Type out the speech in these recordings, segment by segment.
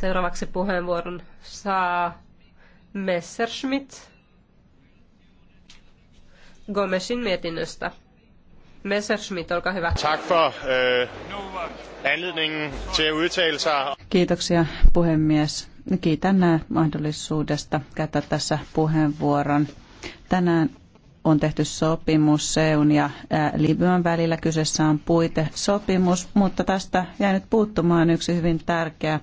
Seuraavaksi puheenvuoron saa Messerschmitt Gomesin mietinnöstä. Messerschmitt, olkaa hyvä. Tack för, øh, anledningen till Kiitoksia puhemies. Kiitän äh, mahdollisuudesta käyttää tässä puheenvuoron. Tänään on tehty sopimus EUn ja Libyan välillä. Kyseessä on puitesopimus, mutta tästä jäi nyt puuttumaan yksi hyvin tärkeä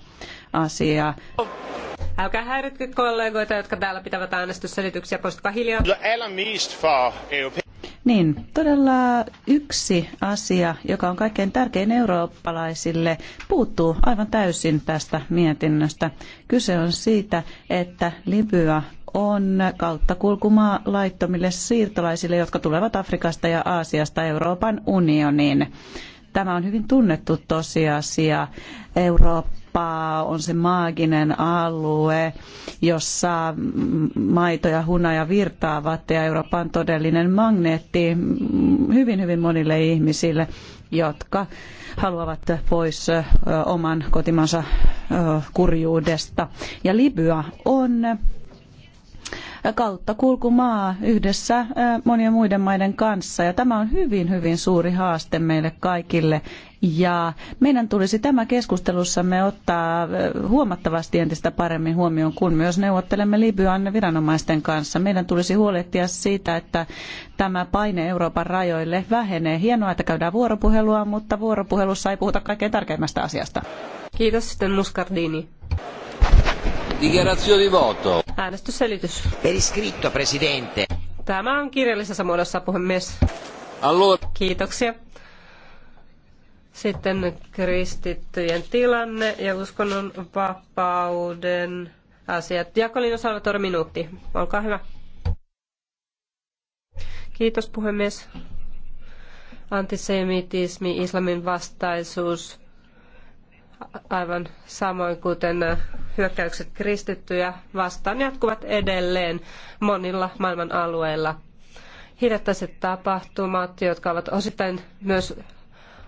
asia. Älkää häiritkö kollegoita, jotka täällä pitävät äänestysselityksiä, poistukaa hiljaa. Niin, todella yksi asia, joka on kaikkein tärkein eurooppalaisille, puuttuu aivan täysin tästä mietinnöstä. Kyse on siitä, että Libya on kauttakulkumaa laittomille siirtolaisille, jotka tulevat Afrikasta ja Aasiasta Euroopan unioniin. Tämä on hyvin tunnettu tosiasia. Eurooppa on se maaginen alue, jossa maito ja hunaja virtaavat ja Eurooppa on todellinen magneetti hyvin, hyvin monille ihmisille, jotka haluavat pois oman kotimansa kurjuudesta. Ja Libya on kautta kulkumaa yhdessä monien muiden maiden kanssa. Ja tämä on hyvin, hyvin suuri haaste meille kaikille. Ja meidän tulisi tämä keskustelussamme ottaa huomattavasti entistä paremmin huomioon, kun myös neuvottelemme Libyan viranomaisten kanssa. Meidän tulisi huolehtia siitä, että tämä paine Euroopan rajoille vähenee. Hienoa, että käydään vuoropuhelua, mutta vuoropuhelussa ei puhuta kaikkein tärkeimmästä asiasta. Kiitos sitten Muscardini. Dichiarazione di voto. Äänestysselitys. Per iscritto, presidente. Tämä on kirjallisessa muodossa, puhemies. Allora. Kiitoksia. Sitten kristittyjen tilanne ja uskonnon vapauden asiat. Jakolino Salvatore minuutti. Olkaa hyvä. Kiitos puhemies. Antisemitismi, islamin vastaisuus, aivan samoin kuten äh, hyökkäykset kristittyjä vastaan jatkuvat edelleen monilla maailman alueilla. Hiljattaiset tapahtumat, jotka ovat osittain myös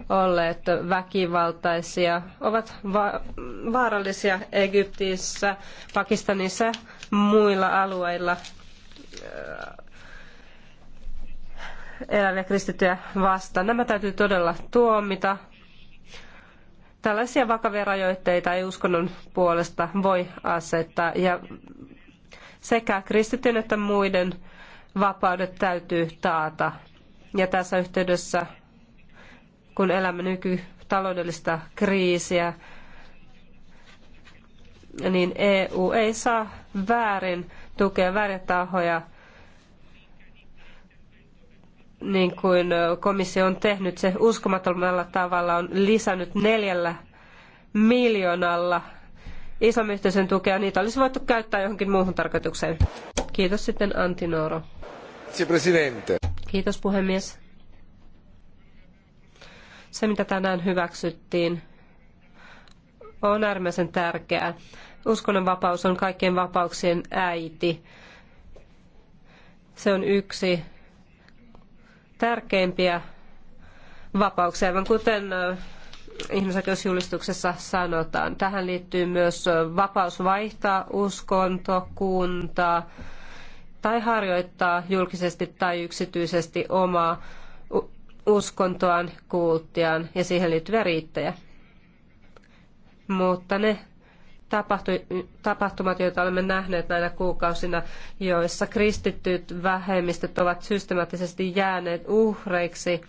olleet väkivaltaisia, ovat va- vaarallisia Egyptissä, Pakistanissa ja muilla alueilla äh, eläviä kristittyjä vastaan. Nämä täytyy todella tuomita Tällaisia vakavia rajoitteita ei uskonnon puolesta voi asettaa ja sekä kristityn että muiden vapaudet täytyy taata. Ja tässä yhteydessä, kun elämme nykytaloudellista kriisiä, niin EU ei saa väärin tukea väärin tahoja – niin kuin komissio on tehnyt, se uskomattomalla tavalla on lisännyt neljällä miljoonalla islamiyhteisön tukea. Niitä olisi voitu käyttää johonkin muuhun tarkoitukseen. Kiitos sitten Antti Nooro. Kiitos puhemies. Se, mitä tänään hyväksyttiin, on äärimmäisen tärkeää. Uskonnonvapaus on kaikkien vapauksien äiti. Se on yksi tärkeimpiä vapauksia, aivan kuten ihmisoikeusjulistuksessa sanotaan. Tähän liittyy myös vapaus vaihtaa uskonto, kunta tai harjoittaa julkisesti tai yksityisesti omaa uskontoaan, kulttiaan ja siihen liittyviä riittejä. Mutta ne tapahtumat, joita olemme nähneet näinä kuukausina, joissa kristittyt vähemmistöt ovat systemaattisesti jääneet uhreiksi,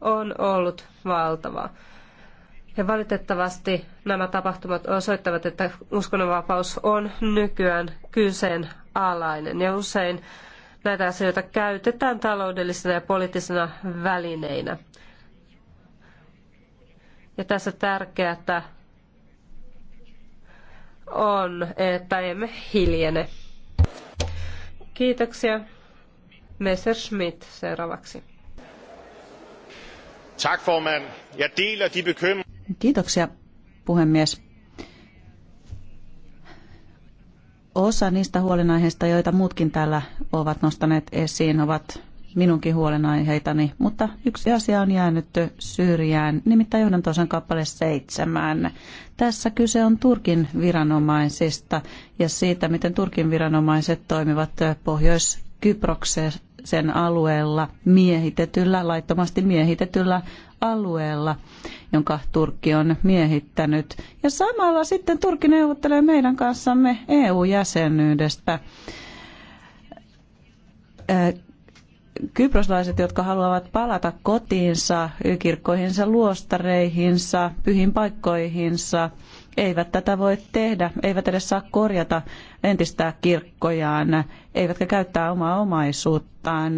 on ollut valtava. Ja valitettavasti nämä tapahtumat osoittavat, että uskonnonvapaus on nykyään kyseenalainen. Ja usein näitä asioita käytetään taloudellisena ja poliittisena välineinä. Ja tässä tärkeää, että on, että emme hiljene. Kiitoksia. Schmidt seuraavaksi. Tak deler de Kiitoksia puhemies. Osa niistä huolenaiheista, joita muutkin täällä ovat nostaneet esiin, ovat minunkin huolenaiheitani, mutta yksi asia on jäänyt syrjään, nimittäin johdantosan kappale seitsemän. Tässä kyse on Turkin viranomaisista ja siitä, miten Turkin viranomaiset toimivat Pohjois-Kyproksen alueella miehitetyllä, laittomasti miehitetyllä alueella, jonka Turkki on miehittänyt. Ja samalla sitten Turkki neuvottelee meidän kanssamme EU-jäsenyydestä kyproslaiset, jotka haluavat palata kotiinsa, kirkkoihinsa, luostareihinsa, pyhiin paikkoihinsa, eivät tätä voi tehdä, eivät edes saa korjata entistä kirkkojaan, eivätkä käyttää omaa omaisuuttaan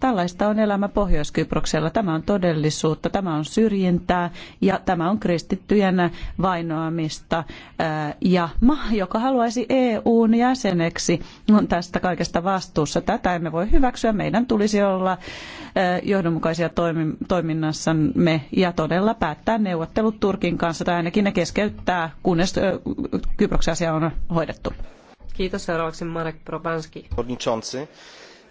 tällaista on elämä Pohjois-Kyproksella. Tämä on todellisuutta, tämä on syrjintää ja tämä on kristittyjen vainoamista. Ja maa, joka haluaisi EUn jäseneksi, on tästä kaikesta vastuussa. Tätä emme voi hyväksyä. Meidän tulisi olla johdonmukaisia toiminnassamme ja todella päättää neuvottelut Turkin kanssa tai ainakin ne keskeyttää, kunnes Kyproksen asia on hoidettu. Kiitos. Seuraavaksi Marek Probanski. Przewodniczący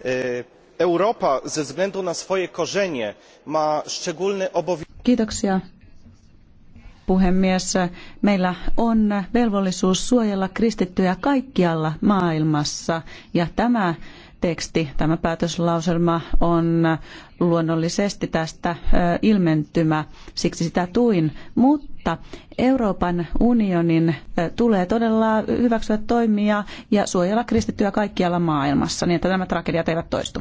e, europa ze względu na swoje korzenie ma szczególny obowiązek puhemies. Meillä on velvollisuus suojella kristittyjä kaikkialla maailmassa ja tämä teksti, tämä päätöslauselma on luonnollisesti tästä ilmentymä, siksi sitä tuin. Mutta Euroopan unionin tulee todella hyväksyä toimia ja suojella kristittyä kaikkialla maailmassa, niin että nämä tragediat eivät toistu.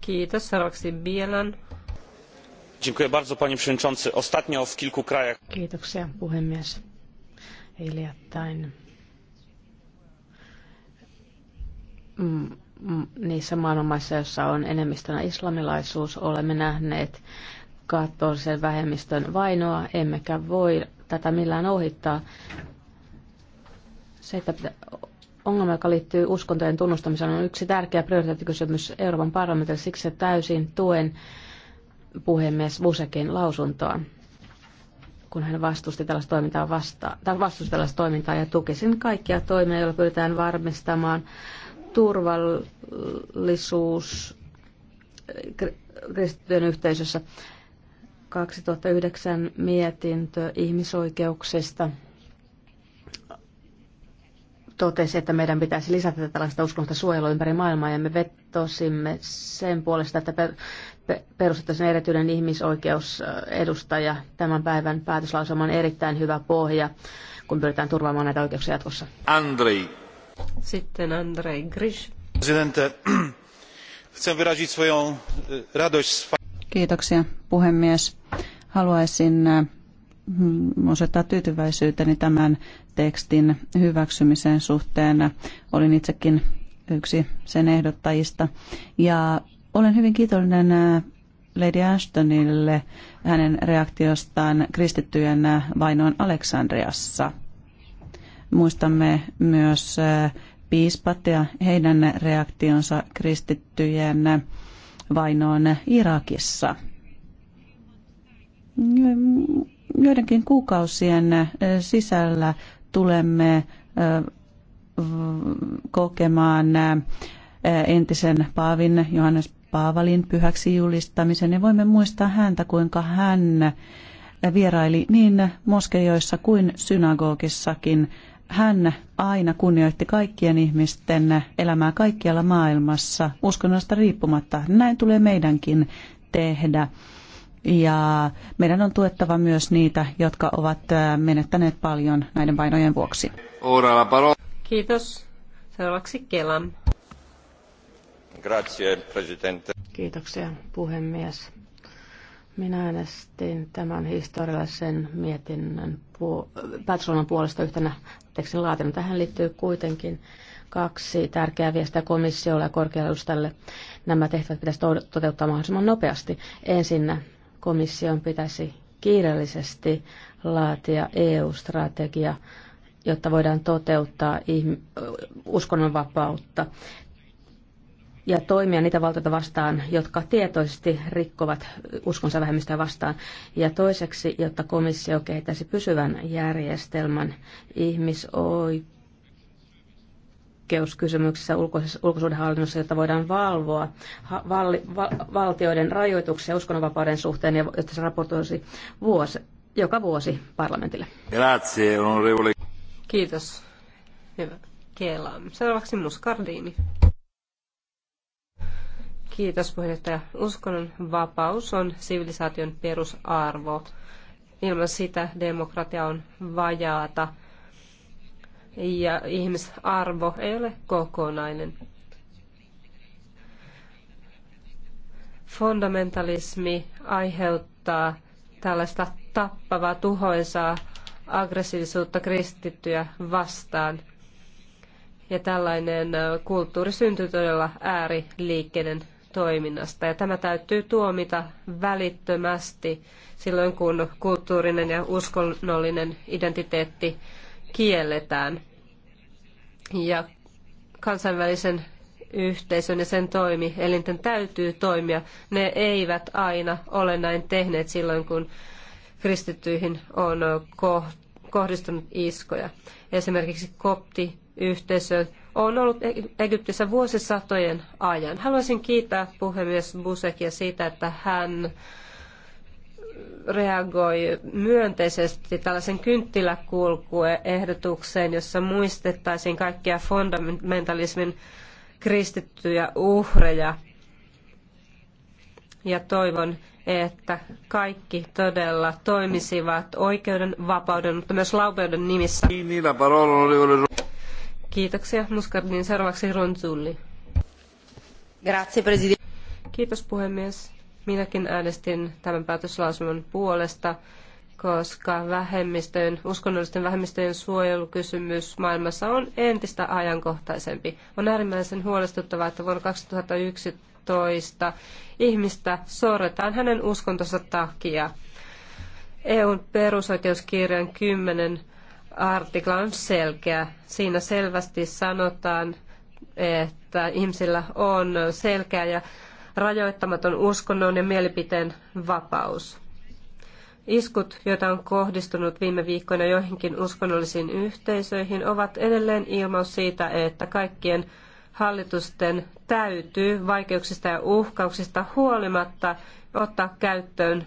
Kiitos. Seuraavaksi Bielan. Dziękuję bardzo, panie przewodniczący. Ostatnio w kilku krajach... Kiitoksia, puhemies. Hiljattain Mm, mm, niissä maailmanmaissa, joissa on enemmistönä islamilaisuus, olemme nähneet katolisen vähemmistön vainoa, emmekä voi tätä millään ohittaa. Se, että ongelma, joka liittyy uskontojen tunnustamiseen, on yksi tärkeä prioriteettikysymys Euroopan parlamentille. Siksi täysin tuen puhemies Vusekin lausuntoa, kun hän vastusti tällaista toimintaa, vasta, tai vastusti tällaista toimintaa ja tukisin kaikkia toimia, joilla pyritään varmistamaan turvallisuus eh, kristityön yhteisössä. 2009 mietintö ihmisoikeuksista totesi, että meidän pitäisi lisätä tällaista uskonnollista suojelua ympäri maailmaa ja me vetosimme sen puolesta, että perustettaisiin erityinen ihmisoikeusedustaja. Tämän päivän päätöslausuma on erittäin hyvä pohja, kun pyritään turvaamaan näitä oikeuksia jatkossa. Andrei sitten Presidente, chcę wyrazić swoją radość. Kiitoksia puhemies. Haluaisin osoittaa tyytyväisyyteni tämän tekstin hyväksymisen suhteen. Olin itsekin yksi sen ehdottajista. Ja olen hyvin kiitollinen Lady Ashtonille hänen reaktiostaan kristittyjen vainoon Aleksandriassa. Muistamme myös äh, piispat ja heidän reaktionsa kristittyjen vainoon Irakissa. Joidenkin kuukausien äh, sisällä tulemme äh, kokemaan entisen paavin Johannes Paavalin pyhäksi julistamisen ja voimme muistaa häntä, kuinka hän vieraili niin moskeijoissa kuin synagogissakin hän aina kunnioitti kaikkien ihmisten elämää kaikkialla maailmassa, uskonnosta riippumatta. Näin tulee meidänkin tehdä. Ja meidän on tuettava myös niitä, jotka ovat äh, menettäneet paljon näiden painojen vuoksi. Kiitos. Seuraavaksi Kelam. Grazie, presidente. Kiitoksia, puhemies. Minä äänestin tämän historiallisen mietinnön puol- puolesta yhtenä tekstin laatinut. Tähän liittyy kuitenkin kaksi tärkeää viestiä komissiolle ja korkealustalle. Nämä tehtävät pitäisi toteuttaa mahdollisimman nopeasti. Ensinnä komission pitäisi kiireellisesti laatia EU-strategia, jotta voidaan toteuttaa uskonnonvapautta. vapautta ja toimia niitä valtioita vastaan, jotka tietoisesti rikkovat uskonsa vähemmistöä vastaan. Ja toiseksi, jotta komissio kehittäisi pysyvän järjestelmän ihmisoikeuskysymyksissä ulkosuudenhallinnossa, jotta voidaan valvoa valli, val, valtioiden rajoituksia uskonnonvapauden suhteen ja jotta se raportoisi vuosi, joka vuosi parlamentille. Grazie, onorevole. Kiitos. Hyvä. Kiela. Seuraavaksi Muscardini. Kiitos puheenjohtaja. Uskonnon vapaus on sivilisaation perusarvo. Ilman sitä demokratia on vajaata ja ihmisarvo ei ole kokonainen. Fundamentalismi aiheuttaa tällaista tappavaa, tuhoisaa aggressiivisuutta kristittyjä vastaan. Ja tällainen kulttuuri syntyy todella ääriliikkeiden toiminnasta. Ja tämä täytyy tuomita välittömästi silloin, kun kulttuurinen ja uskonnollinen identiteetti kielletään. Ja kansainvälisen yhteisön ja sen toimi, elinten täytyy toimia. Ne eivät aina ole näin tehneet silloin, kun kristittyihin on kohdistunut iskoja. Esimerkiksi kopti yhteisö on ollut e- Egyptissä vuosisatojen ajan. Haluaisin kiittää puhemies Busekia siitä, että hän reagoi myönteisesti tällaisen kynttiläkulkuehdotukseen, jossa muistettaisiin kaikkia fundamentalismin kristittyjä uhreja. Ja toivon, että kaikki todella toimisivat oikeuden, vapauden, mutta myös laupeuden nimissä. Kiitoksia Muskardin. Seuraavaksi Ronzulli. Grazie, Kiitos puhemies. Minäkin äänestin tämän päätöslausuman puolesta, koska vähemmistöjen, uskonnollisten vähemmistöjen suojelukysymys maailmassa on entistä ajankohtaisempi. On äärimmäisen huolestuttavaa, että vuonna 2011 ihmistä sorretaan hänen uskontonsa takia. EUn perusoikeuskirjan kymmenen artikla on selkeä. Siinä selvästi sanotaan, että ihmisillä on selkeä ja rajoittamaton uskonnon ja mielipiteen vapaus. Iskut, joita on kohdistunut viime viikkoina joihinkin uskonnollisiin yhteisöihin, ovat edelleen ilmaus siitä, että kaikkien hallitusten täytyy vaikeuksista ja uhkauksista huolimatta ottaa käyttöön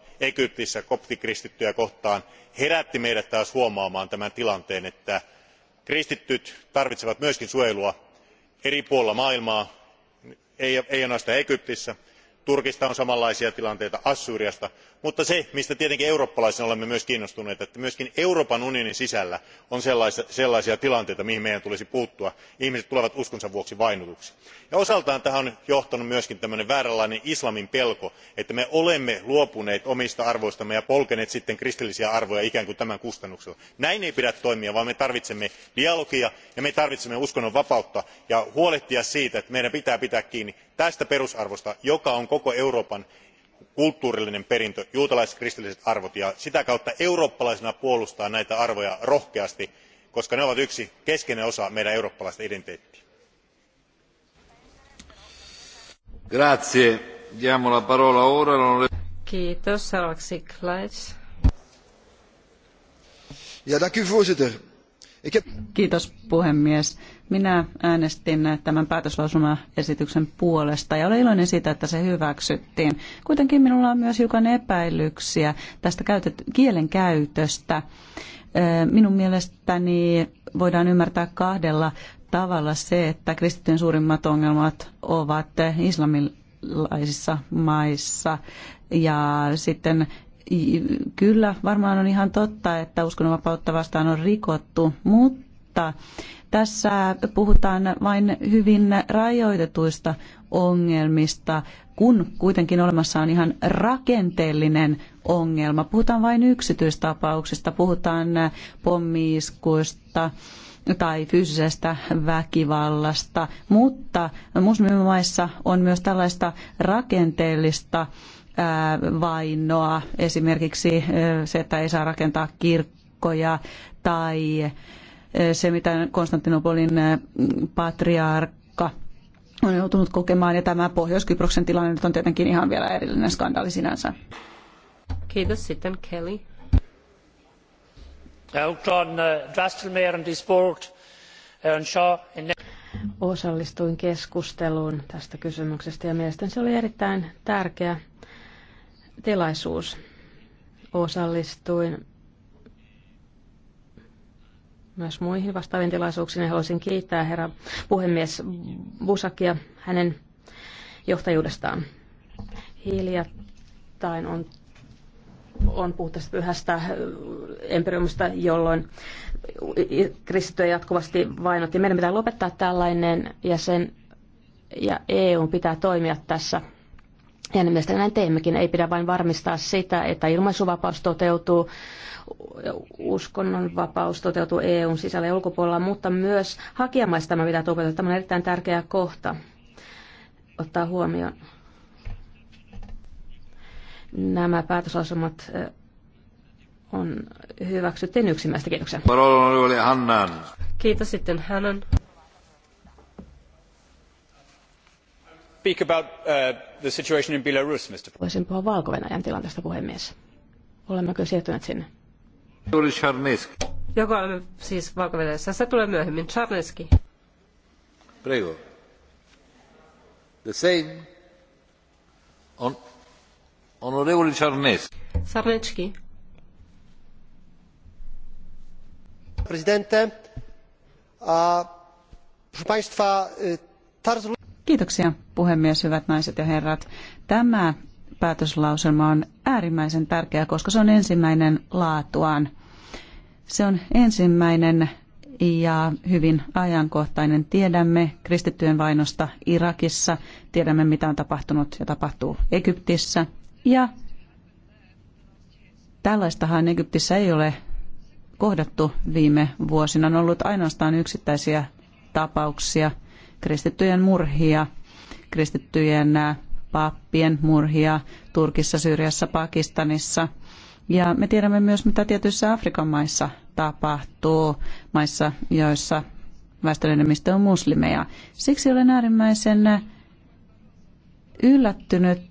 egyptissä koptikristittyjä kohtaan herätti meidät taas huomaamaan tämän tilanteen että kristityt tarvitsevat myös suojelua eri puolilla maailmaa ei ainoastaan egyptissä turkista on samanlaisia tilanteita assyriasta mutta se mistä tietenkin eurooppalaisina olemme myös kiinnostuneita on että myös euroopan unionin sisällä on sellaisia tilanteita joihin meidän tulisi puuttua ihmiset tulevat uskonsa vuoksi vainotuiksi. osaltaan tähän on johtanut myös vääränlainen islamin pelko että me olemme luopuneet omista arvoistamme ja polkeneet sitten kristillisiä arvoja ikään kuin tämän kustannuksella. näin ei pidä toimia vaan me tarvitsemme dialogia ja me tarvitsemme uskonnonvapautta ja huolehtia siitä että meidän pitää pitää kiinni tästä perusarvosta joka on koko euroopan kulttuurillinen perintö juutalaiskristilliset arvot ja sitä kautta eurooppalaisena puolustaa näitä arvoja rohkeasti koska ne ovat yksi keskeinen osa meidän eurooppalaista identiteettiämme. Kiitos puhemies. Minä äänestin tämän päätöslausumaesityksen puolesta ja olen iloinen siitä, että se hyväksyttiin. Kuitenkin minulla on myös hiukan epäilyksiä tästä käytet- kielen käytöstä. Minun mielestäni voidaan ymmärtää kahdella tavalla se, että kristittyjen suurimmat ongelmat ovat islamilaisissa maissa ja sitten kyllä varmaan on ihan totta, että uskonnonvapautta vastaan on rikottu, mutta tässä puhutaan vain hyvin rajoitetuista ongelmista, kun kuitenkin olemassa on ihan rakenteellinen ongelma. Puhutaan vain yksityistapauksista, puhutaan pommiiskuista tai fyysisestä väkivallasta, mutta muslimimaissa on myös tällaista rakenteellista vainoa, esimerkiksi se, että ei saa rakentaa kirkkoja tai se, mitä Konstantinopolin patriarkka on joutunut kokemaan. Ja tämä Pohjois-Kyproksen tilanne nyt on tietenkin ihan vielä erillinen skandaali sinänsä. Kiitos. Sitten Kelly. Osallistuin keskusteluun tästä kysymyksestä ja mielestäni se oli erittäin tärkeä tilaisuus. Osallistuin myös muihin vastaaviin tilaisuuksiin. Haluaisin kiittää herra puhemies Busakia hänen johtajuudestaan. Hiljattain on, on puhuttu tästä pyhästä äh, empiriumista, jolloin kristittyjä jatkuvasti vainotti. Meidän pitää lopettaa tällainen ja sen ja EU pitää toimia tässä ja mielestäni näin teemmekin. Ei pidä vain varmistaa sitä, että ilmaisuvapaus toteutuu, uskonnonvapaus toteutuu EUn sisällä ja ulkopuolella, mutta myös hakijamaista tämä pitää toteutua. Tämä on erittäin tärkeä kohta ottaa huomioon. Nämä päätösasemat on hyväksytty yksimäistä. Kiitoksia. Kiitos sitten Hannan. speak about uh, the situation in Belarus, Mr. Voisin puhua valko tilanteesta, puhemies. Olemmeko siirtyneet sinne? Joko olemme siis valko Se tulee myöhemmin. Charneski. Prego. The same. On, Charneski. Presidente, a, proszę Państwa, Kiitoksia puhemies, hyvät naiset ja herrat. Tämä päätöslauselma on äärimmäisen tärkeä, koska se on ensimmäinen laatuaan. Se on ensimmäinen ja hyvin ajankohtainen. Tiedämme kristittyjen vainosta Irakissa, tiedämme mitä on tapahtunut ja tapahtuu Egyptissä. Ja tällaistahan Egyptissä ei ole kohdattu viime vuosina. On ollut ainoastaan yksittäisiä tapauksia – kristittyjen murhia, kristittyjen pappien murhia Turkissa, Syyriassa, Pakistanissa. Ja me tiedämme myös, mitä tietyissä Afrikan maissa tapahtuu, maissa, joissa väestönenemmistö on muslimeja. Siksi olen äärimmäisen yllättynyt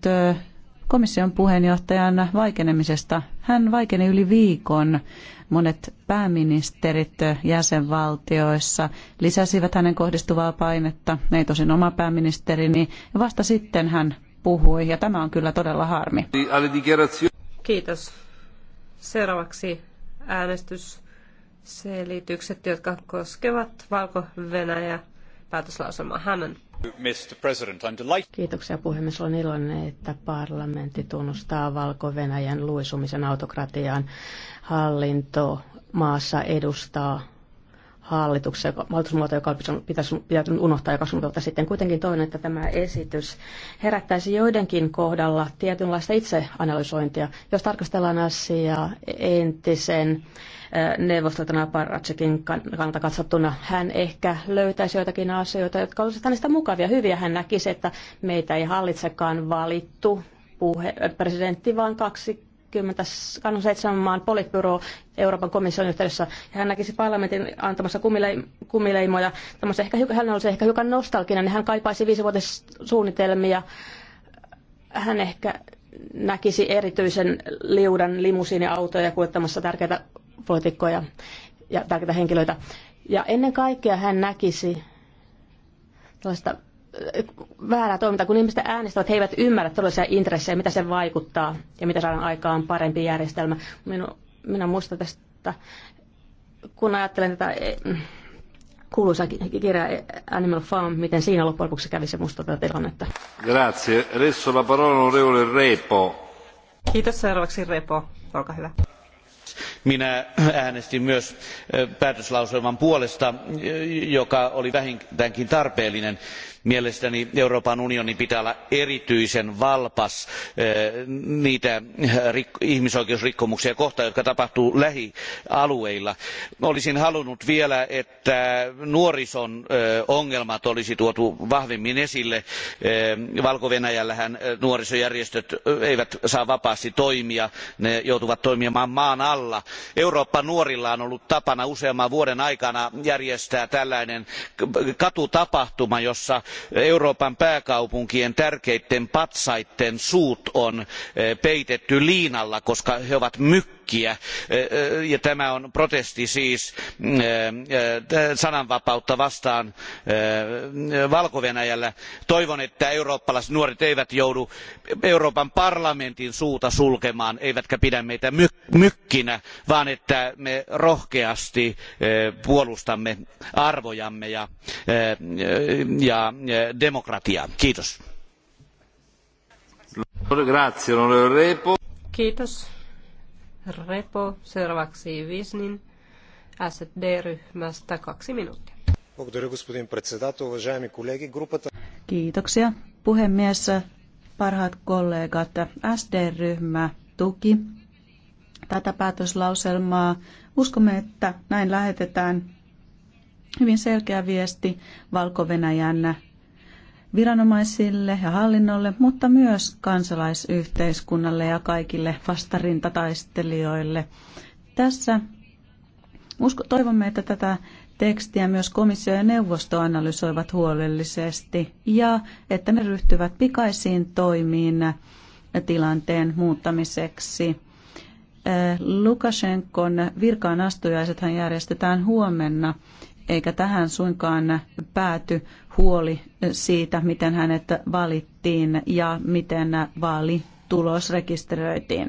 komission puheenjohtajan vaikenemisesta. Hän vaikeni yli viikon Monet pääministerit jäsenvaltioissa lisäsivät hänen kohdistuvaa painetta, ei tosin oma pääministerini, ja vasta sitten hän puhui, ja tämä on kyllä todella harmi. Kiitos. Seuraavaksi äänestysselitykset, jotka koskevat Valko-Venäjä päätöslauselmaa Hämmen. Kiitoksia puhemies. Olen iloinen, että parlamentti tunnustaa Valko-Venäjän luisumisen autokratiaan. Hallinto maassa edustaa hallituksessa, hallitusmuoto, joka pitäisi, pitäisi unohtaa joka suunnitelta sitten. Kuitenkin toinen, että tämä esitys herättäisi joidenkin kohdalla tietynlaista itseanalysointia, jos tarkastellaan asiaa entisen neuvostotana Paratsekin kannalta katsottuna. Hän ehkä löytäisi joitakin asioita, jotka olisivat hänestä mukavia. Hyviä hän näkisi, että meitä ei hallitsekaan valittu puhe, presidentti, vaan kaksi 27 maan politbyro Euroopan komission yhteydessä. Ja hän näkisi parlamentin antamassa kumileimoja. Tämmöisen ehkä, hän olisi ehkä hiukan nostalginen, niin hän kaipaisi viisivuotissuunnitelmia. Hän ehkä näkisi erityisen liudan limusiiniautoja kuljettamassa tärkeitä poliitikkoja ja tärkeitä henkilöitä. Ja ennen kaikkea hän näkisi tällaista väärää toimintaa, kun ihmiset äänestävät, he eivät ymmärrä todellisia intressejä, mitä se vaikuttaa ja mitä saadaan aikaan parempi järjestelmä. Minu, minä muistan tästä, kun ajattelen tätä eh, kuuluisa kirja eh, Animal Farm, miten siinä loppujen lopuksi kävi se musta tätä tilannetta. Grazie. Adesso la parola onorevole Repo. Kiitos seuraavaksi Repo. Olkaa hyvä minä äänestin myös eh, päätöslauselman puolesta joka oli vähintäänkin tarpeellinen mielestäni euroopan unionin pitää olla erityisen valpas eh, niitä eh, ihmisoikeusrikkomuksia kohtaan jotka tapahtuvat lähialueilla. olisin halunnut vielä että nuorison eh, ongelmat olisi tuotu vahvemmin esille. valko venäjällähän nuorisojärjestöt eivät saa vapaasti toimia ne joutuvat toimimaan maan alla. eurooppa nuorilla on ollut tapana useamman vuoden aikana järjestää tällainen katutapahtuma jossa euroopan pääkaupunkien tärkeiden patsaiden suut on eh, peitetty liinalla koska he ovat mykkiä henkiä ja tämä on protesti siis mm, sananvapautta vastaan valko venäjällä. toivon että eurooppalaiset nuoret eivät joudu euroopan parlamentin suuta sulkemaan eivätkä pidä meitä mykkinä vaan että me rohkeasti puolustamme arvojamme ja, ja demokratiaa. kiitos. Kiitos. Repo, seuraavaksi Visnin SD-ryhmästä kaksi minuuttia. Kiitoksia puhemies, parhaat kollegat. SD-ryhmä tuki tätä päätöslauselmaa. Uskomme, että näin lähetetään hyvin selkeä viesti Valko-Venäjän viranomaisille ja hallinnolle, mutta myös kansalaisyhteiskunnalle ja kaikille vastarintataistelijoille. Tässä usko, toivomme, että tätä tekstiä myös komissio ja neuvosto analysoivat huolellisesti ja että ne ryhtyvät pikaisiin toimiin tilanteen muuttamiseksi. Lukashenkon virkaan astujaisethan järjestetään huomenna eikä tähän suinkaan pääty huoli siitä, miten hänet valittiin ja miten vaalitulos rekisteröitiin.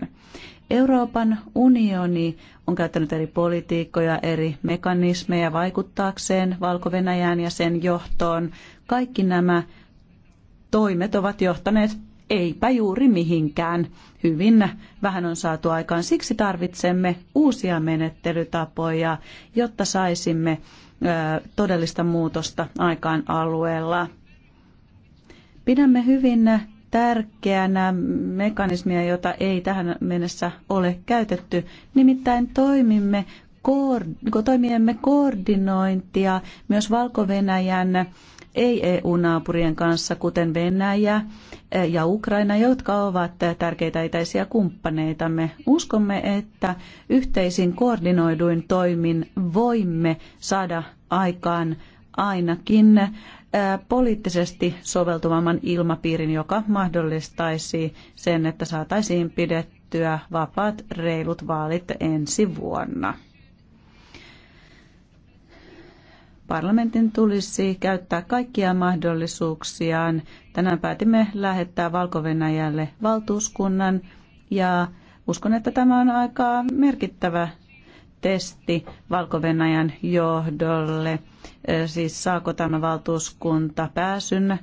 Euroopan unioni on käyttänyt eri politiikkoja, eri mekanismeja vaikuttaakseen valko ja sen johtoon. Kaikki nämä toimet ovat johtaneet eipä juuri mihinkään. Hyvin vähän on saatu aikaan. Siksi tarvitsemme uusia menettelytapoja, jotta saisimme todellista muutosta aikaan alueella. Pidämme hyvin tärkeänä mekanismia, jota ei tähän mennessä ole käytetty. Nimittäin toimimme toimiemme koordinointia myös Valko-Venäjän ei EU-naapurien kanssa, kuten Venäjä e, ja Ukraina, jotka ovat tärkeitä itäisiä kumppaneitamme. Uskomme, että yhteisin koordinoiduin toimin voimme saada aikaan ainakin e, poliittisesti soveltuvamman ilmapiirin, joka mahdollistaisi sen, että saataisiin pidettyä vapaat reilut vaalit ensi vuonna. Parlamentin tulisi käyttää kaikkia mahdollisuuksiaan. Tänään päätimme lähettää valko valtuuskunnan ja uskon, että tämä on aika merkittävä testi valko johdolle. Siis saako tämä valtuuskunta pääsyn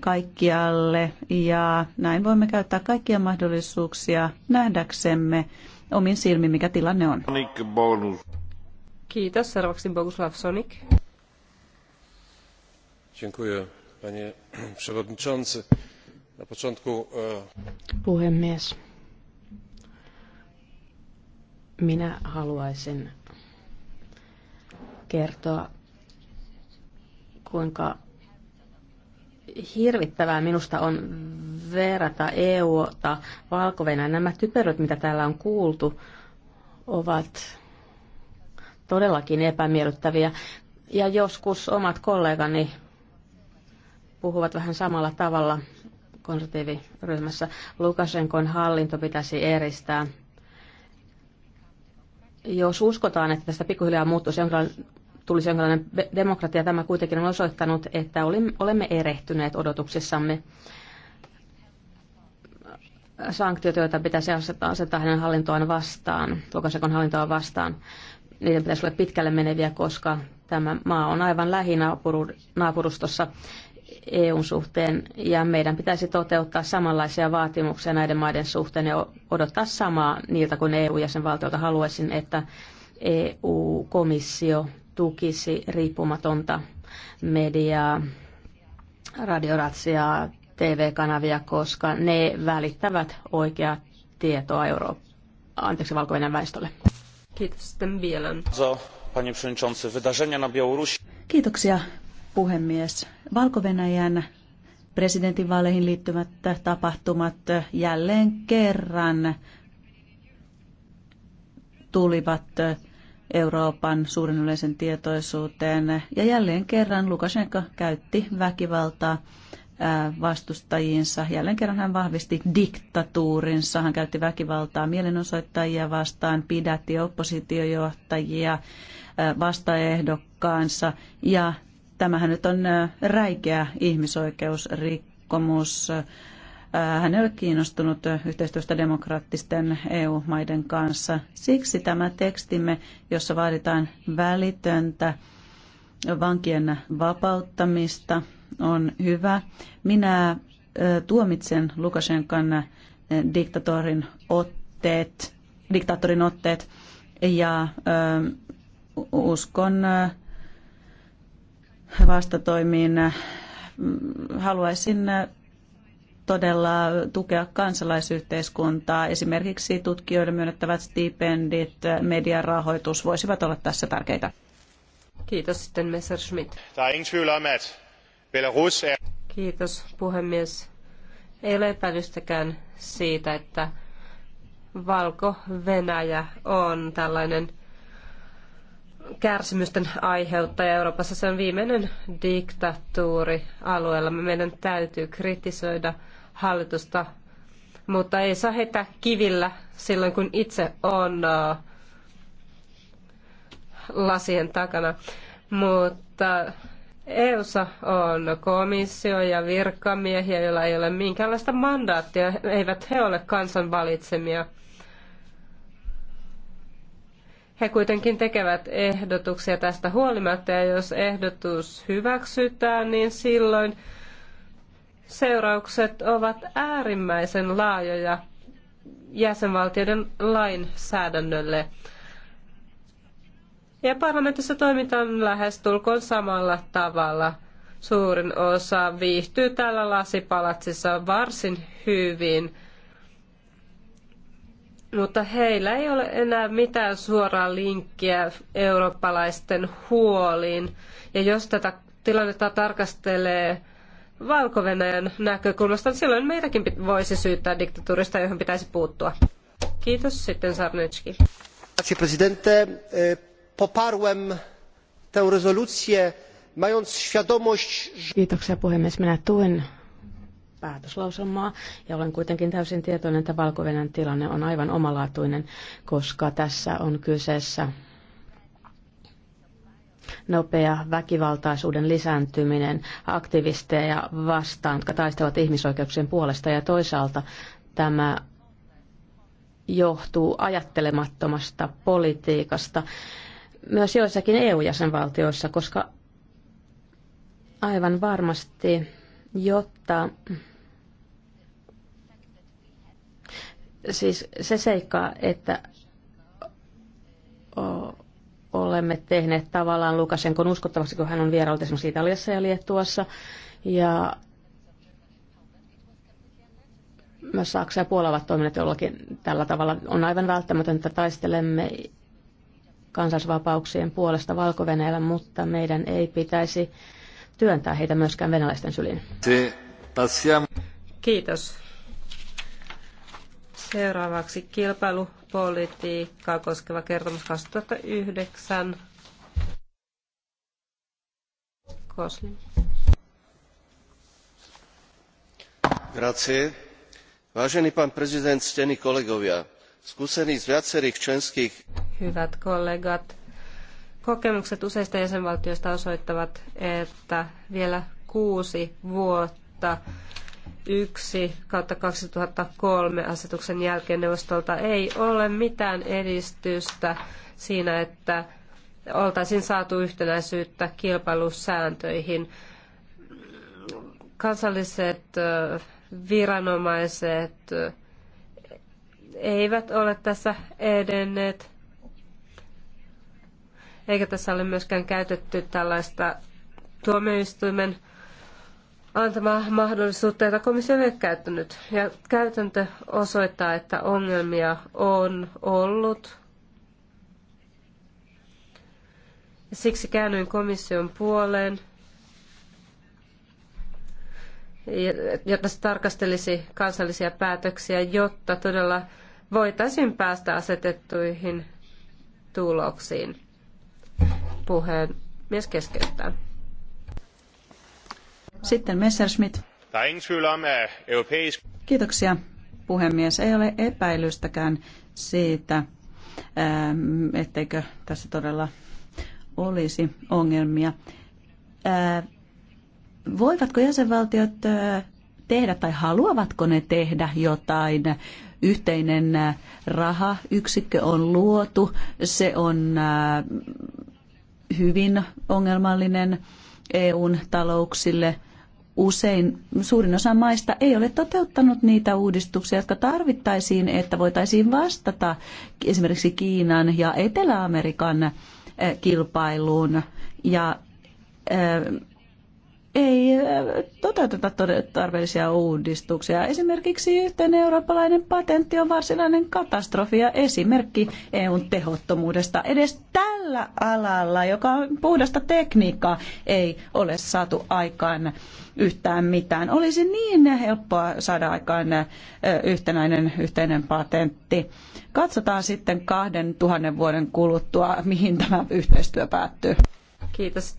kaikkialle ja näin voimme käyttää kaikkia mahdollisuuksia nähdäksemme omin silmin, mikä tilanne on. Kiitos. Seuraavaksi Boguslav Sonik. Dziękuję, panie przewodniczący. Na początku... E, Puhemies. Minä haluaisin kertoa, kuinka hirvittävää minusta on verrata EUta valko -Venäjään. Nämä typeröt, mitä täällä on kuultu, ovat todellakin epämiellyttäviä. Ja joskus omat kollegani puhuvat vähän samalla tavalla konservatiiviryhmässä. Lukashenkon hallinto pitäisi eristää. Jos uskotaan, että tästä pikkuhiljaa muuttuisi jonkinlainen tulisi jonkinlainen demokratia. Tämä kuitenkin on osoittanut, että olemme erehtyneet odotuksissamme. Sanktiot, joita pitäisi asettaa, asettaa hänen hallintoaan vastaan, Lukasekon hallintoa vastaan niiden pitäisi olla pitkälle meneviä, koska tämä maa on aivan lähinaapurustossa EUn suhteen ja meidän pitäisi toteuttaa samanlaisia vaatimuksia näiden maiden suhteen ja odottaa samaa niiltä kuin EU-jäsenvaltiolta. Haluaisin, että EU-komissio tukisi riippumatonta mediaa, radioratsiaa, TV-kanavia, koska ne välittävät oikeaa tietoa Eurooppaan anteeksi, valko väestölle. Kiitos, Kiitoksia, puhemies. Valko-Venäjän presidentinvaaleihin liittyvät tapahtumat jälleen kerran tulivat Euroopan suuren yleisen tietoisuuteen ja jälleen kerran Lukashenka käytti väkivaltaa vastustajiinsa. Jälleen kerran hän vahvisti diktatuurinsa. Hän käytti väkivaltaa mielenosoittajia vastaan, pidätti oppositiojohtajia vastaehdokkaansa. Ja tämähän nyt on räikeä ihmisoikeusrikkomus. Hän ei ole kiinnostunut yhteistyöstä demokraattisten EU-maiden kanssa. Siksi tämä tekstimme, jossa vaaditaan välitöntä vankien vapauttamista, on hyvä. Minä tuomitsen Lukashenkan diktatorin otteet, diktatorin otteet ja uskon vastatoimiin. Haluaisin todella tukea kansalaisyhteiskuntaa. Esimerkiksi tutkijoille myönnettävät stipendit, median rahoitus voisivat olla tässä tärkeitä. Kiitos sitten Messerschmidt. Der er ingen Er- Kiitos puhemies. Ei ole epäilystäkään siitä, että Valko-Venäjä on tällainen kärsimysten aiheuttaja Euroopassa. Se on viimeinen diktatuuri alueella. Meidän täytyy kritisoida hallitusta, mutta ei saa heittää kivillä silloin, kun itse on lasien takana. Mutta EUssa on komissio ja virkamiehiä, joilla ei ole minkäänlaista mandaattia. Eivät he ole kansan valitsemia. He kuitenkin tekevät ehdotuksia tästä huolimatta, ja jos ehdotus hyväksytään, niin silloin seuraukset ovat äärimmäisen laajoja jäsenvaltioiden lainsäädännölle. Ja parlamentissa toimitaan lähestulkoon samalla tavalla. Suurin osa viihtyy täällä lasipalatsissa varsin hyvin, mutta heillä ei ole enää mitään suoraa linkkiä eurooppalaisten huoliin. Ja jos tätä tilannetta tarkastelee valko näkökulmasta, niin silloin meitäkin voisi syyttää diktatuurista, johon pitäisi puuttua. Kiitos sitten Sarnecki. Grazie Presidente eh, poparłem tę rezolucję mając świadomość kiitoksia puhemies minä tuen päätöslauselmaa ja olen kuitenkin täysin tietoinen, että valko tilanne on aivan omalaatuinen, koska tässä on kyseessä nopea väkivaltaisuuden lisääntyminen aktivisteja vastaan, jotka taistelevat ihmisoikeuksien puolesta ja toisaalta tämä johtuu ajattelemattomasta politiikasta, myös joissakin EU-jäsenvaltioissa, koska aivan varmasti, jotta siis se seikka, että olemme tehneet tavallaan kun uskottavaksi, kun hän on vierailut esimerkiksi Italiassa ja Liettuassa, ja myös Saksa ja Puola ovat toimineet jollakin tällä tavalla. On aivan välttämätöntä, että taistelemme kansallisvapauksien puolesta valko mutta meidän ei pitäisi työntää heitä myöskään venäläisten syliin. Kiitos. Seuraavaksi kilpailupolitiikkaa koskeva kertomus 2009. Koslin. Grazie. Vážený pán prezident, stení kolegovia, Skúsenosť viacerých členských... Hyvät kollegat, kokemukset useista jäsenvaltioista osoittavat, että vielä kuusi vuotta yksi kautta 2003 asetuksen jälkeen neuvostolta ei ole mitään edistystä siinä, että oltaisiin saatu yhtenäisyyttä kilpailusääntöihin. Kansalliset viranomaiset eivät ole tässä edenneet, eikä tässä ole myöskään käytetty tällaista tuomioistuimen antamaa mahdollisuutta, jota komissio ei ole käyttänyt. Ja käytäntö osoittaa, että ongelmia on ollut. Siksi käännyin komission puoleen, jotta se tarkastelisi kansallisia päätöksiä, jotta todella voitaisiin päästä asetettuihin tuloksiin. mies keskeyttää. Sitten Messerschmidt. Er Kiitoksia puhemies. Ei ole epäilystäkään siitä, ähm, etteikö tässä todella olisi ongelmia. Äh, voivatko jäsenvaltiot äh, tehdä tai haluavatko ne tehdä jotain yhteinen äh, rahayksikkö on luotu. Se on äh, hyvin ongelmallinen EUn talouksille – usein suurin osa maista ei ole toteuttanut niitä uudistuksia, jotka tarvittaisiin, että voitaisiin vastata esimerkiksi Kiinan ja Etelä-Amerikan äh, kilpailuun. Ja ei eh, toteuteta tarpeellisia uudistuksia. Esimerkiksi yhteinen eurooppalainen patentti on varsinainen katastrofi ja esimerkki EUn tehottomuudesta. Edes tällä alalla, joka on puhdasta tekniikkaa, ei ole saatu aikaan yhtään mitään. Olisi niin helppoa saada aikaan eh, yhtenäinen yhteinen patentti. Katsotaan sitten kahden tuhannen vuoden kuluttua, mihin tämä yhteistyö päättyy. Kiitos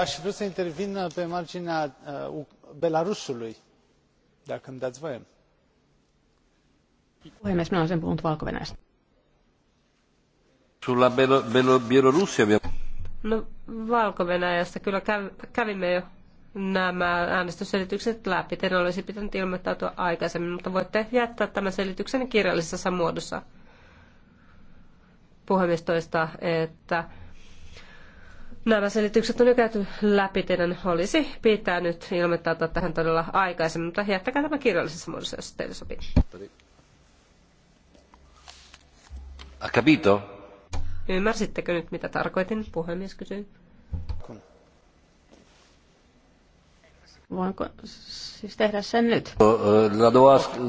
aș vrea să intervin pe marginea uh, Belarusului, dacă îmi dați voie. Puhemies, minä olen valko -Venäjästä. kyllä kävimme jo nämä äänestysselitykset läpi. Teidän olisi pitänyt ilmoittautua aikaisemmin, mutta voitte jättää tämän selityksen kirjallisessa muodossa. Puhemies toistaa, että Nämä selitykset on jo käyty läpi, teidän olisi pitänyt ilmoittautua tähän todella aikaisemmin, mutta jättäkää tämä kirjallisessa muodossa, jos teille sopii. Ha capito? Ymmärsittekö nyt, mitä tarkoitin? Puhemies kysyi. Voinko siis tehdä sen nyt? Eh,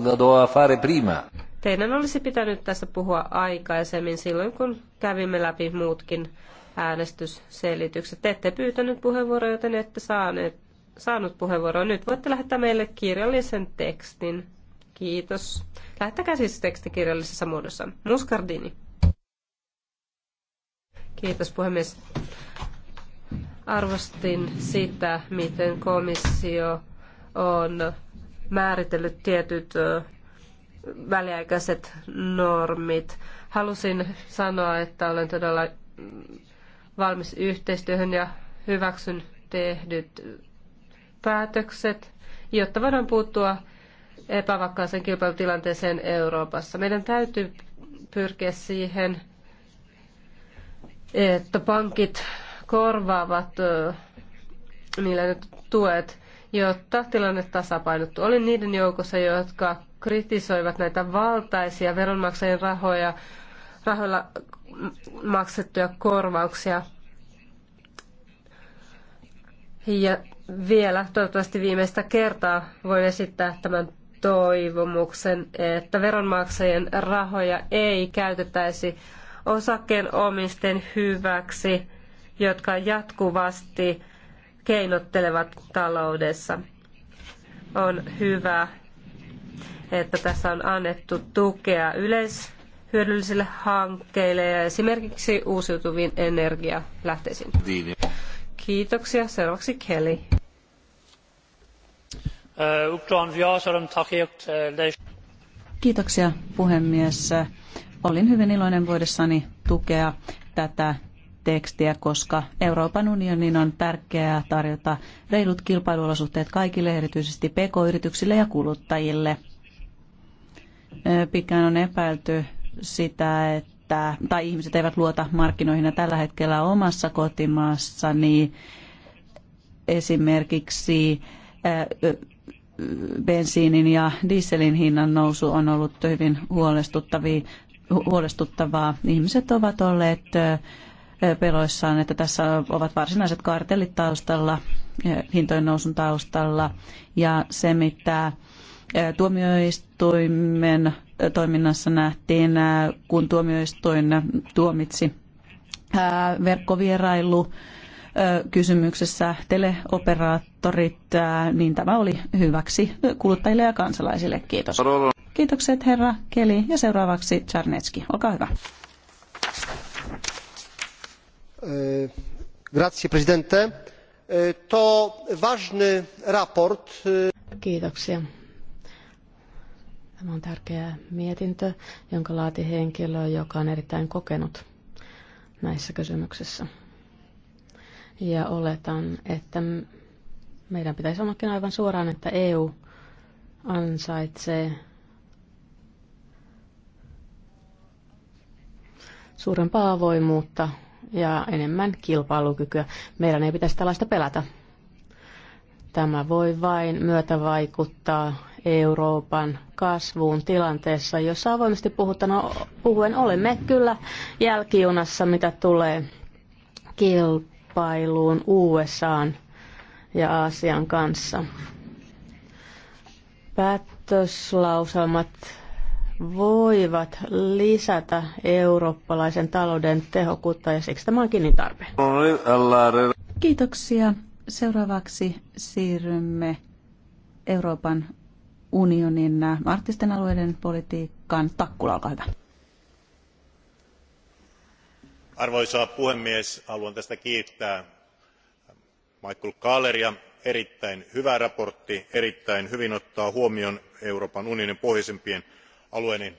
la do, fare prima. Teidän olisi pitänyt tässä puhua aikaisemmin silloin, kun kävimme läpi muutkin äänestysselitykset. Te ette pyytänyt puheenvuoroa, joten ette saaneet, saanut puheenvuoroa. Nyt voitte lähettää meille kirjallisen tekstin. Kiitos. Lähettäkää siis teksti kirjallisessa muodossa. Muskardini. Kiitos puhemies. Arvostin sitä, miten komissio on määritellyt tietyt väliaikaiset normit. Halusin sanoa, että olen todella mm, valmis yhteistyöhön ja hyväksyn tehdyt päätökset, jotta voidaan puuttua epävakkaaseen kilpailutilanteeseen Euroopassa. Meidän täytyy pyrkiä siihen, että pankit korvaavat niillä nyt tuet jotta tilanne tasapainottuu. Olin niiden joukossa, jotka kritisoivat näitä valtaisia veronmaksajien rahoja, rahoilla maksettuja korvauksia. Ja vielä toivottavasti viimeistä kertaa voi esittää tämän toivomuksen, että veronmaksajien rahoja ei käytettäisi osakkeenomisten hyväksi, jotka jatkuvasti keinottelevat taloudessa. On hyvä, että tässä on annettu tukea yleishyödyllisille hankkeille ja esimerkiksi uusiutuviin energialähteisiin. Kiitoksia. Seuraavaksi Kelly. Kiitoksia puhemies. Olin hyvin iloinen voidessani tukea tätä tekstiä, koska Euroopan unionin on tärkeää tarjota reilut kilpailuolosuhteet kaikille, erityisesti pk-yrityksille ja kuluttajille. Pitkään on epäilty sitä, että, tai ihmiset eivät luota markkinoihin ja tällä hetkellä omassa kotimaassa, niin esimerkiksi bensiinin ja dieselin hinnan nousu on ollut hyvin huolestuttavaa. Ihmiset ovat olleet peloissaan, että tässä ovat varsinaiset kartellit taustalla, eh, hintojen nousun taustalla ja se, mitä eh, tuomioistuimen eh, toiminnassa nähtiin, kun tuomioistuin tuomitsi verkkovierailu kysymyksessä teleoperaattorit, niin tämä oli hyväksi kuluttajille ja kansalaisille. Kiitos. Kiitokset herra Keli ja seuraavaksi Czarnecki. Olkaa hyvä. E, e, to ważne sprawozdanie. Tämä on tärkeä mietintö, jonka laati henkilö, joka on erittäin kokenut näissä kysymyksissä. Ja oletan, että meidän pitäisi sanoakin aivan suoraan, että EU ansaitsee suurempaa avoimuutta ja enemmän kilpailukykyä. Meidän ei pitäisi tällaista pelätä. Tämä voi vain myötävaikuttaa Euroopan kasvuun tilanteessa, jossa avoimesti puhutaan, puhuen olemme kyllä jälkijunassa, mitä tulee kilpailuun USAan ja Aasian kanssa. Päätöslauselmat voivat lisätä eurooppalaisen talouden tehokkuutta ja siksi tämä onkin niin tarpeen. Kiitoksia. Seuraavaksi siirrymme Euroopan unionin arktisten alueiden politiikkaan. Takkula, olkaa hyvä. Arvoisa puhemies, haluan tästä kiittää Michael Kaleria Erittäin hyvä raportti, erittäin hyvin ottaa huomioon Euroopan unionin pohjoisempien alueeni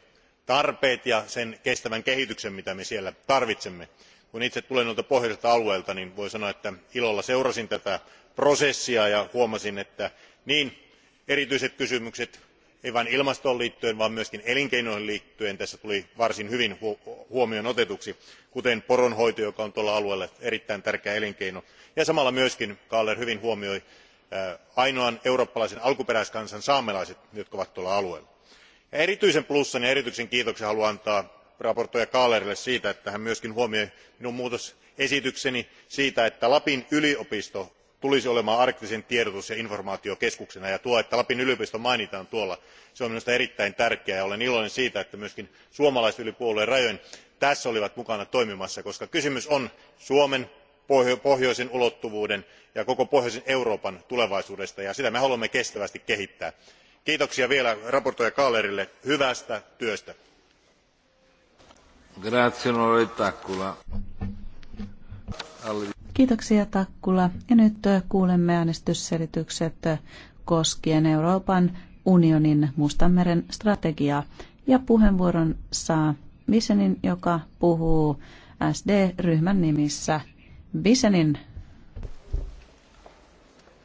tarpeet ja sen kestävän kehityksen mitä me siellä tarvitsemme. kun itse tulen pohjoiselta alueelta niin voin sanoa että ilolla seurasin tätä prosessia ja huomasin että niin erityiset kysymykset ei vain ilmastoon liittyen vaan myös elinkeinoihin liittyen tässä tuli varsin hyvin huomioon otetuksi kuten poronhoito joka on tuolla alueella erittäin tärkeä elinkeino ja samalla myös gahler hyvin huomioi ainoan eurooppalaisen alkuperäiskansan saamelaiset jotka ovat tuolla alueella erityisen plussan ja erityisen kiitoksen haluan antaa esittelijä gahlerille siitä että hän myös huomioi minun muutosesitykseni siitä että lapin yliopisto tulisi olemaan arktisen tiedotus ja informaatiokeskuksena ja tuo että lapin yliopisto mainitaan tuolla on minusta erittäin tärkeää ja olen iloinen siitä että myös suomalaiset yli puoluerajojen tässä olivat mukana toimimassa koska kysymys on suomen pohjoisen ulottuvuuden ja koko pohjoisen euroopan tulevaisuudesta ja sitä me haluamme kestävästi kehittää kiitoksia vielä esittelijä gahlerille hyvästä työstä. Kiitoksia nyt äh, kuulemme äänestysselitykset äh, koskien Euroopan unionin Mustanmeren strategiaa. Ja puheenvuoron saa Visenin, joka puhuu SD-ryhmän nimissä. Visenin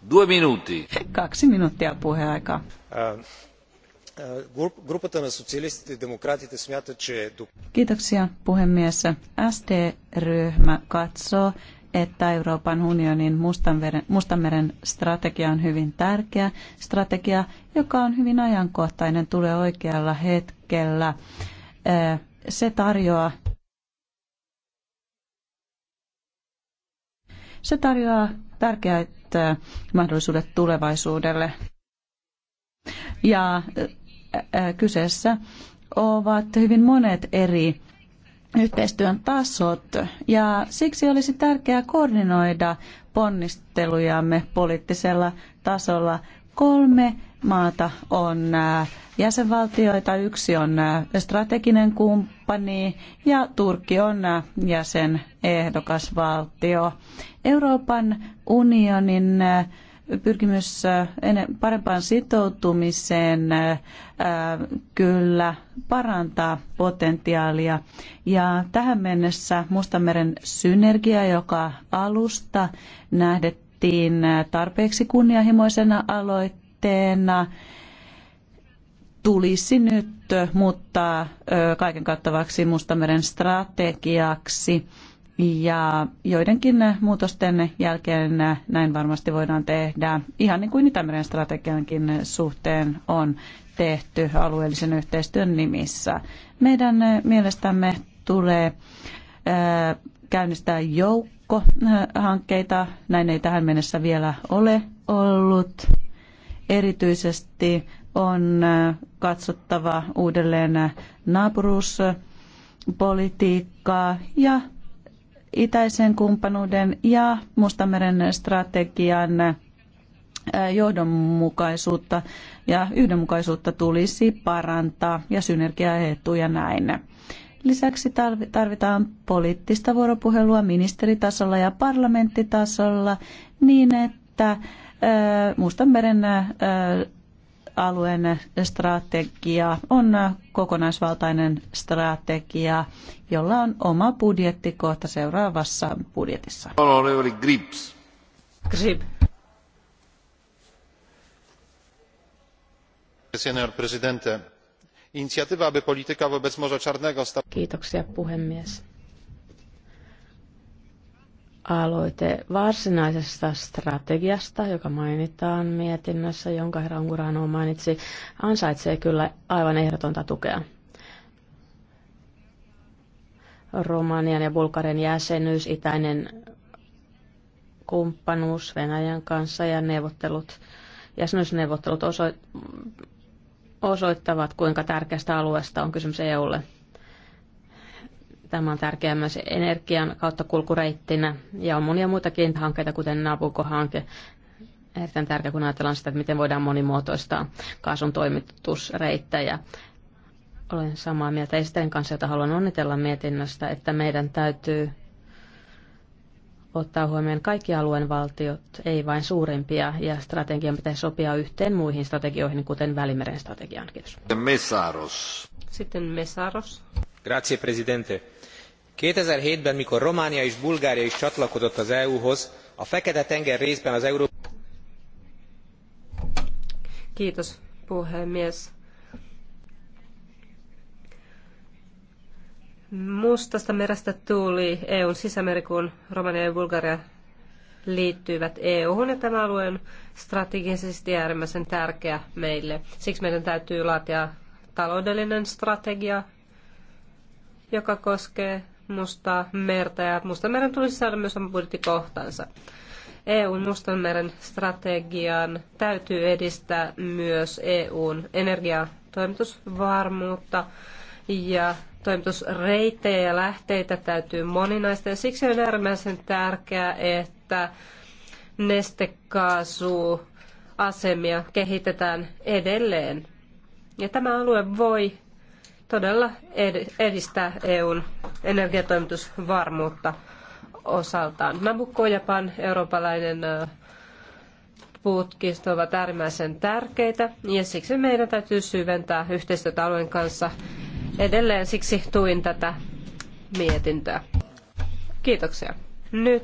Due minuutti. Kaksi minuuttia puheaikaa. Групата на социалистите Kiitoksia puhemies. SD-ryhmä katsoo, että Euroopan unionin Mustanmeren, Mustanmeren strategia on hyvin tärkeä strategia, joka on hyvin ajankohtainen, tulee oikealla hetkellä. Se tarjoaa Se tarjoaa tärkeät mahdollisuudet tulevaisuudelle. Ja kyseessä ovat hyvin monet eri yhteistyön tasot ja siksi olisi tärkeää koordinoida ponnistelujamme poliittisella tasolla Kolme maata on äh, jäsenvaltioita, yksi on äh, strateginen kumppani ja Turkki on äh, jäsen ehdokasvaltio Euroopan unionin pyrkimys parempaan sitoutumiseen kyllä parantaa potentiaalia. Ja tähän mennessä Mustameren synergia, joka alusta nähdet, pidettiin tarpeeksi kunnianhimoisena aloitteena, tulisi nyt muuttaa kaiken kattavaksi Mustameren strategiaksi. Ja joidenkin muutosten jälkeen näin varmasti voidaan tehdä, ihan niin kuin Itämeren strategiankin suhteen on tehty alueellisen yhteistyön nimissä. Meidän mielestämme tulee käynnistää joukko ennakkohankkeita. Näin ei tähän mennessä vielä ole ollut. Erityisesti on katsottava uudelleen naapuruuspolitiikkaa ja itäisen kumppanuuden ja Mustanmeren strategian äh, johdonmukaisuutta ja yhdenmukaisuutta tulisi parantaa ja synergiaetuja näin. Lisäksi tarvitaan poliittista vuoropuhelua ministeritasolla ja parlamenttitasolla niin, että Mustanmeren alueen strategia on kokonaisvaltainen strategia, jolla on oma budjetti kohta seuraavassa budjetissa. Grips. Grip. Señor presidente, inicjatywa aby polityka wobec morza czarnego stała Kiitoksia puhemies. Aloite varsinaisesta strategiasta, joka mainitaan mietinnössä, jonka herra Ungurano mainitsi, ansaitsee kyllä aivan ehdotonta tukea. Romanian ja Bulgarian jäsenyys, itäinen kumppanuus Venäjän kanssa ja neuvottelut, jäsenyysneuvottelut osoittavat osoittavat, kuinka tärkeästä alueesta on kysymys EUlle. Tämä on tärkeää myös energian kautta kulkureittinä ja on monia muitakin hankkeita, kuten Nabucco-hanke. Erittäin tärkeää, kun ajatellaan sitä, että miten voidaan monimuotoistaa kaasun toimitusreittejä. Olen samaa mieltä Esteen kanssa, jota haluan onnitella mietinnöstä, että meidän täytyy ottaa huomioon kaikki alueen valtiot, ei vain suurimpia, ja strategian pitäisi sopia yhteen muihin strategioihin, kuten Välimeren strategiaan. Kiitos. Mesaros. Sitten Mesaros. Grazie, presidente. 2007-ben, mikor Románia és Bulgária is csatlakozott az EU-hoz, a Fekete-tenger részben az Euró... Kiitos, puhemies. Mustasta merestä tuli EUn sisämeri, kun Romania ja Bulgaria liittyivät EU:hun ja tämä alue on strategisesti äärimmäisen tärkeä meille. Siksi meidän täytyy laatia taloudellinen strategia, joka koskee Mustaa merta ja musta meren tulisi saada myös oma budjettikohtansa. EUn meren strategian täytyy edistää myös EUn energiatoimitusvarmuutta ja Toimitusreittejä ja lähteitä täytyy moninaista ja siksi on äärimmäisen tärkeää, että nestekaasuasemia kehitetään edelleen. Ja tämä alue voi todella edistää EUn energiatoimitusvarmuutta osaltaan. Nabucco Japan, eurooppalainen putkisto ovat äärimmäisen tärkeitä ja siksi meidän täytyy syventää yhteistyötä alueen kanssa Edelleen siksi tuin tätä mietintöä. Kiitoksia. Nyt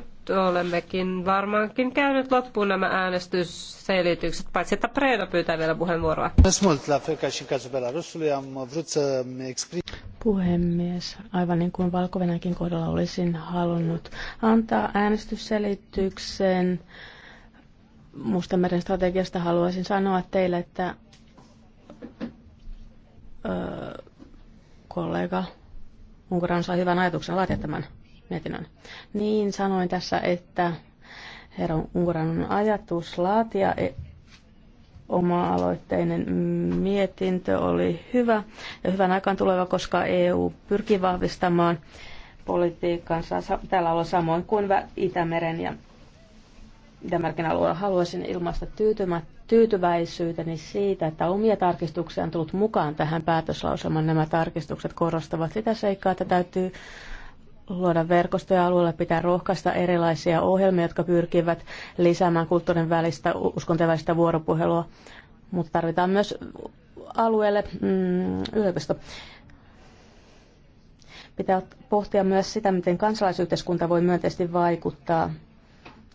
olemmekin varmaankin käynyt loppuun nämä äänestysselitykset, paitsi että Preda pyytää vielä puheenvuoroa. Puhemies, aivan niin kuin valko kohdalla olisin halunnut antaa äänestysselityksen Mustanmeren strategiasta haluaisin sanoa teille, että öö, kollega Unkaran sai hyvän ajatuksen laatia tämän mietinnön. Niin sanoin tässä, että herra Unkaran ajatus laatia e- oma-aloitteinen mietintö oli hyvä ja hyvän aikaan tuleva, koska EU pyrkii vahvistamaan politiikkaansa tällä alueella samoin kuin Itämeren ja Itämerkin alueella haluaisin ilmaista tyytyväisyyteni siitä, että omia tarkistuksia on tullut mukaan tähän päätöslauselmaan. Nämä tarkistukset korostavat sitä seikkaa, että täytyy luoda verkostoja alueella pitää rohkaista erilaisia ohjelmia, jotka pyrkivät lisäämään kulttuurin välistä, uskontojen välistä vuoropuhelua, mutta tarvitaan myös alueelle mm, yliopisto. Pitää pohtia myös sitä, miten kansalaisyhteiskunta voi myönteisesti vaikuttaa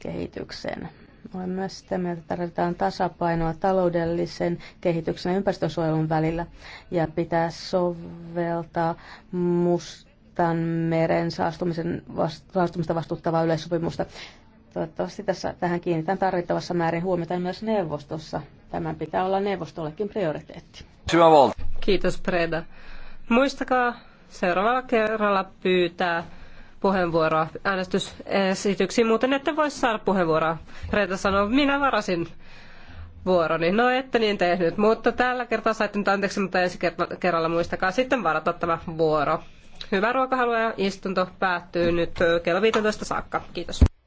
kehityksen. Olen myös sitä mieltä, että tarvitaan tasapainoa taloudellisen kehityksen ja ympäristönsuojelun välillä ja pitää soveltaa mustan meren saastumisen, saastumista vastuuttavaa yleissopimusta. Toivottavasti tässä, tähän kiinnitän tarvittavassa määrin huomiota myös neuvostossa. Tämän pitää olla neuvostollekin prioriteetti. Kiitos Preda. Muistakaa seuraavalla kerralla pyytää puheenvuoroa äänestysesityksiin, muuten ette voi saada puheenvuoroa. Reeta sanoo, minä varasin vuoroni. No ette niin tehnyt, mutta tällä kertaa saitte nyt anteeksi, mutta ensi kerralla muistakaa sitten varata tämä vuoro. Hyvää ruokahalua ja istunto päättyy nyt kello 15 saakka. Kiitos.